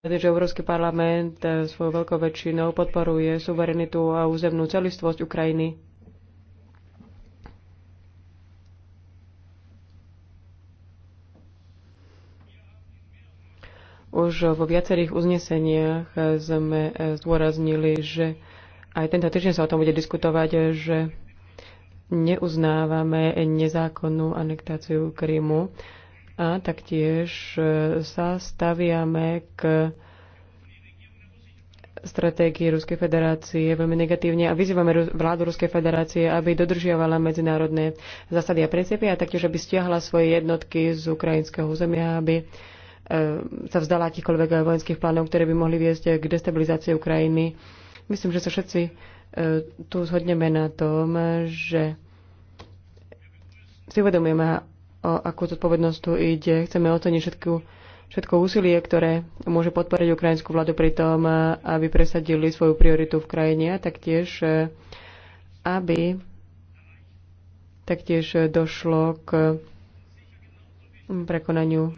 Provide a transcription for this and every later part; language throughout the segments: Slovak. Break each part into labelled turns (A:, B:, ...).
A: že Európsky parlament eh, svojou veľkou väčšinou podporuje suverenitu a územnú celistvosť Ukrajiny. Už vo viacerých uzneseniach eh, sme eh, zdôraznili, že aj tento týždeň sa o tom bude diskutovať, že neuznávame nezákonnú anektáciu Krymu a taktiež e, sa staviame k stratégii Ruskej federácie veľmi negatívne a vyzývame vládu Ruskej federácie, aby dodržiavala medzinárodné zásady a princípy a taktiež, aby stiahla svoje jednotky z ukrajinského územia, aby e, sa vzdala akýchkoľvek vojenských plánov, ktoré by mohli viesť k destabilizácii Ukrajiny. Myslím, že sa všetci e, tu zhodneme na tom, že si uvedomujeme, o akú zodpovednosť tu ide. Chceme oceniť všetku, všetko úsilie, ktoré môže podporiť ukrajinskú vládu pri tom, eh, aby presadili svoju prioritu v krajine a taktiež, eh, aby taktiež došlo k prekonaniu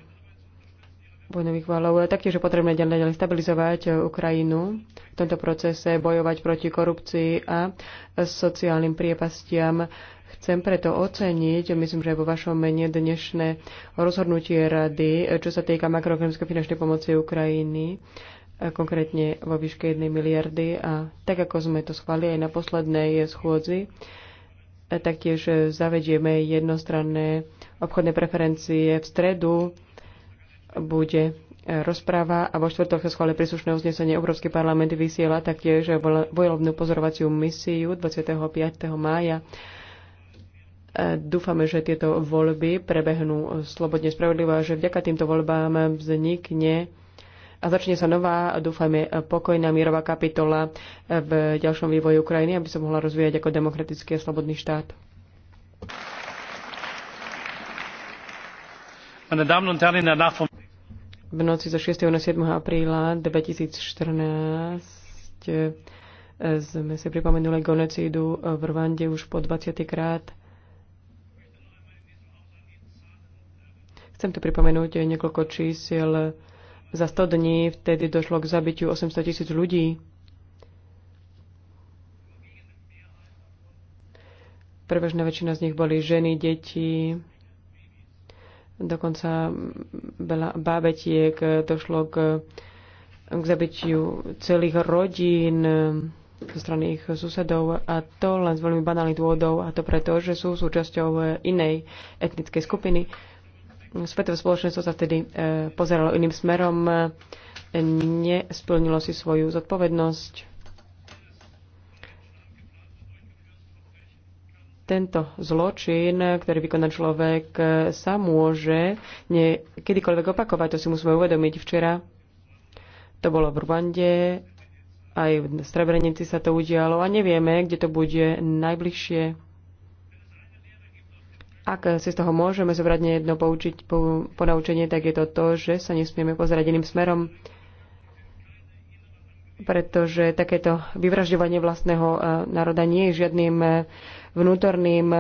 A: vojnových valov. Taktiež je potrebné ďalej stabilizovať e, Ukrajinu v tomto procese, bojovať proti korupcii a sociálnym priepastiam. Chcem preto oceniť, myslím, že vo vašom mene dnešné rozhodnutie rady, e, čo sa týka makroekonomickej finančnej pomoci Ukrajiny, e, konkrétne vo výške 1 miliardy. A tak, ako sme to schválili aj na poslednej schôdzi, taktiež zavedieme jednostranné obchodné preferencie v stredu bude e, rozpráva a vo štvrtok sa schváli príslušné uznesenie. Európsky parlament vysiela taktiež vojlovnú pozorovaciu misiu 25. mája. E, dúfame, že tieto voľby prebehnú slobodne spravodlivo a že vďaka týmto voľbám vznikne a začne sa nová, dúfajme, pokojná mierová kapitola v ďalšom vývoji Ukrajiny, aby sa mohla rozvíjať ako demokratický a slobodný štát. Meine Damen und Herren, in der Nachfolge v noci zo 6. na 7. apríla 2014 e, sme si pripomenuli genocídu v Rwande už po 20. krát. Chcem tu pripomenúť niekoľko čísiel. Za 100 dní vtedy došlo k zabitiu 800 tisíc ľudí. Prevažná väčšina z nich boli ženy, deti, Dokonca veľa bábetiek eh, došlo k, k zabitiu celých rodín eh, zo strany ich susedov a to len z veľmi banálnych dôvodov a to preto, že sú súčasťou eh, inej etnickej skupiny. Svetové spoločenstvo sa vtedy pozeralo iným smerom, nesplnilo si svoju zodpovednosť tento zločin, ktorý vykoná človek, e, sa môže nie, kedykoľvek opakovať. To si musíme uvedomiť. Včera to bolo v Rwande, aj v Srebrenici sa to udialo a nevieme, kde to bude najbližšie. Ak si z toho môžeme zobrať jedno poučiť, po, ponaučenie, tak je to to, že sa nesmieme pozerať iným smerom pretože takéto vyvražďovanie vlastného e, národa nie je žiadnym e, vnútorným e,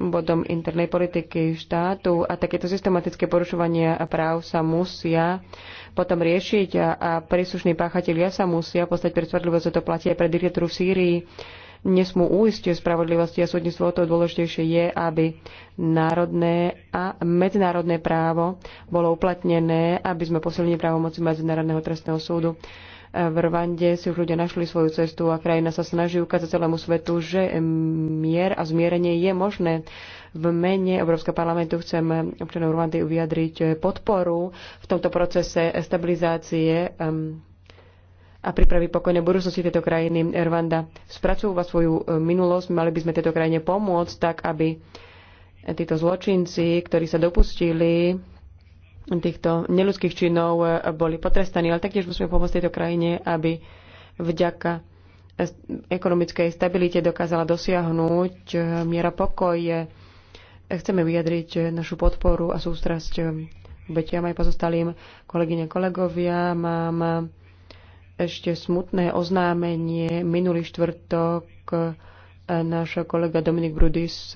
A: bodom internej politiky štátu a takéto systematické porušovania práv sa musia potom riešiť a, a príslušní páchatelia sa musia postať pred spravodlivosť, to platí aj pre diktatúru v Sýrii. Nesmú újsť spravodlivosti a súdnictvo o to dôležitejšie je, aby národné a medzinárodné právo bolo uplatnené, aby sme posilnili právomoci Medzinárodného trestného súdu. V Rwande si už ľudia našli svoju cestu a krajina sa snaží ukázať celému svetu, že mier a zmierenie je možné. V mene Európskeho parlamentu chcem občanov Rwandy vyjadriť podporu v tomto procese stabilizácie um, a prípravy pokojnej budúcnosti tejto krajiny. Rwanda spracúva svoju e, minulosť, mali by sme tejto krajine pomôcť tak, aby títo zločinci, ktorí sa dopustili týchto neludských činov e, boli potrestaní, ale taktiež musíme pomôcť tejto krajine, aby vďaka ekonomickej stabilite dokázala dosiahnuť e, miera pokoje. Chceme vyjadriť e, našu podporu a sústrasť obetiam aj pozostalým kolegyne kolegovia. Mám ešte smutné oznámenie. Minulý štvrtok náš kolega Dominik Brudis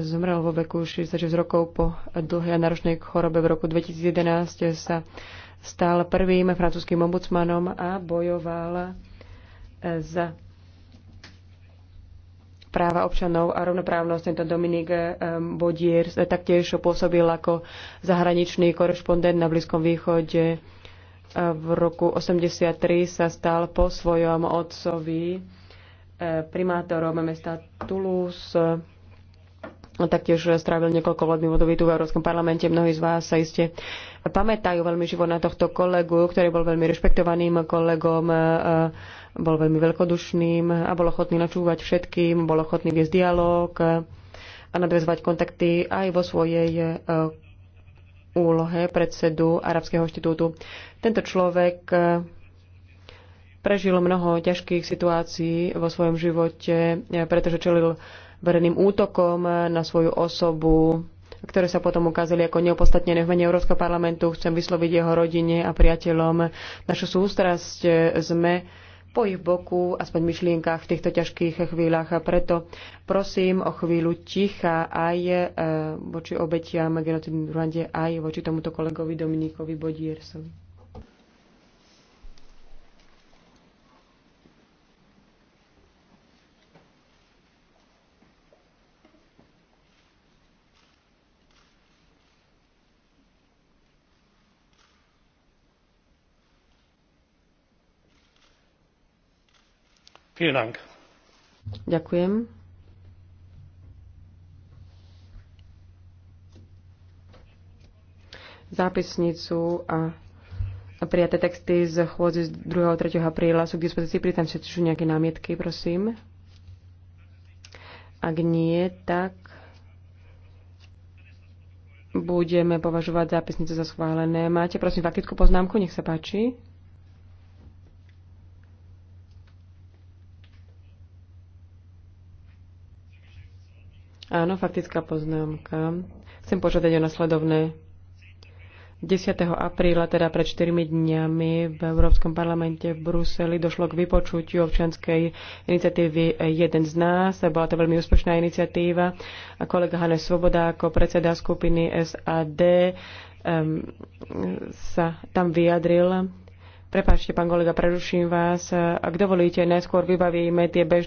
A: zomrel vo veku 66 rokov po dlhej a náročnej chorobe. V roku 2011 sa stal prvým francúzským ombudsmanom a bojoval e, za práva občanov a rovnoprávnosť. Tento Dominik e, Bodier e, taktiež pôsobil ako zahraničný korešpondent na Blízkom východe. V roku 1983 sa stal po svojom otcovi primátorom mesta Toulouse No taktiež strávil niekoľko volebných období tu v Európskom parlamente. Mnohí z vás sa iste pamätajú veľmi živo na tohto kolegu, ktorý bol veľmi rešpektovaným kolegom, e, bol veľmi veľkodušným a bol ochotný načúvať všetkým, bol ochotný viesť dialog a nadvezovať kontakty aj vo svojej e, úlohe predsedu Arabského inštitútu. Tento človek e, prežil mnoho ťažkých situácií vo svojom živote, pretože čelil vereným útokom na svoju osobu, ktoré sa potom ukázali ako neopodstatnené v mene Európskeho parlamentu. Chcem vysloviť jeho rodine a priateľom našu sústrasť. Sme po ich boku, aspoň v myšlienkach v týchto ťažkých chvíľach. A preto prosím o chvíľu ticha aj e, voči obetiam genocidy v Rwande, aj voči tomuto kolegovi Dominikovi Bodiersovi. Ďakujem. Zápisnicu a prijaté texty z chôdze z 2. a 3. apríla sú k dispozícii. Pritam si sú nejaké námietky, prosím. Ak nie, tak budeme považovať zápisnice za schválené. Máte, prosím, faktickú poznámku? Nech sa páči. Áno, faktická poznámka. Chcem požiadať o nasledovné. 10. apríla, teda pred 4 dňami v Európskom parlamente v Bruseli došlo k vypočutiu občianskej iniciatívy Jeden z nás. Bola to veľmi úspešná iniciatíva. A kolega Hane Svoboda ako predseda skupiny SAD um, sa tam vyjadril. Prepáčte, pán kolega, preruším vás. Ak dovolíte, najskôr vybavíme tie bežné